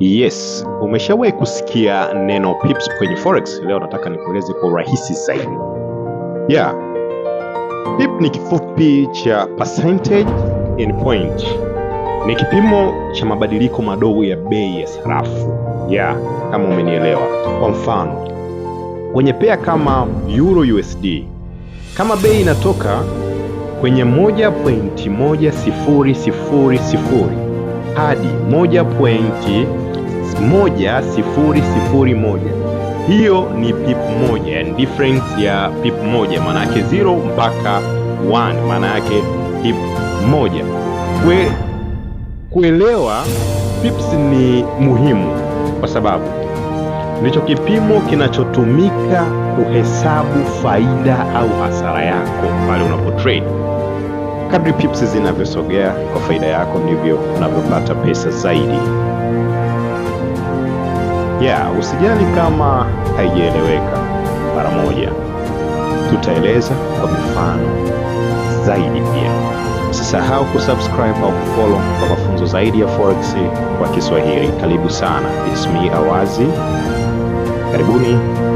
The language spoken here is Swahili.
Yes, umeshawahi kusikia neno pips kwenye forex? Leo nataka nikueleze kwa urahisi zaidi. Yeah. Pip ni kifupi cha percentage in point, ni kipimo cha mabadiliko madogo ya bei ya sarafu. Yeah, kama umenielewa. Kwa mfano kwenye pea kama euro USD, kama bei inatoka kwenye 1.1000 hadi moja pointi moja sifuri sifuri moja. Hiyo ni pip moja, yani difference ya pip moja, maana yake 0 mpaka 1, maana yake pip moja. Kwe, kuelewa pips ni muhimu kwa sababu ndicho kipimo kinachotumika kuhesabu faida au hasara yako pale unapotrade. Kadri pips zinavyosogea kwa faida yako ndivyo unavyopata pesa zaidi. Yeah, usijali kama haijaeleweka mara moja, tutaeleza kwa mifano zaidi pia. Usisahau kusubscribe au kufolo kwa mafunzo zaidi ya forex kwa Kiswahili. Karibu sana, ismi Awazi, karibuni.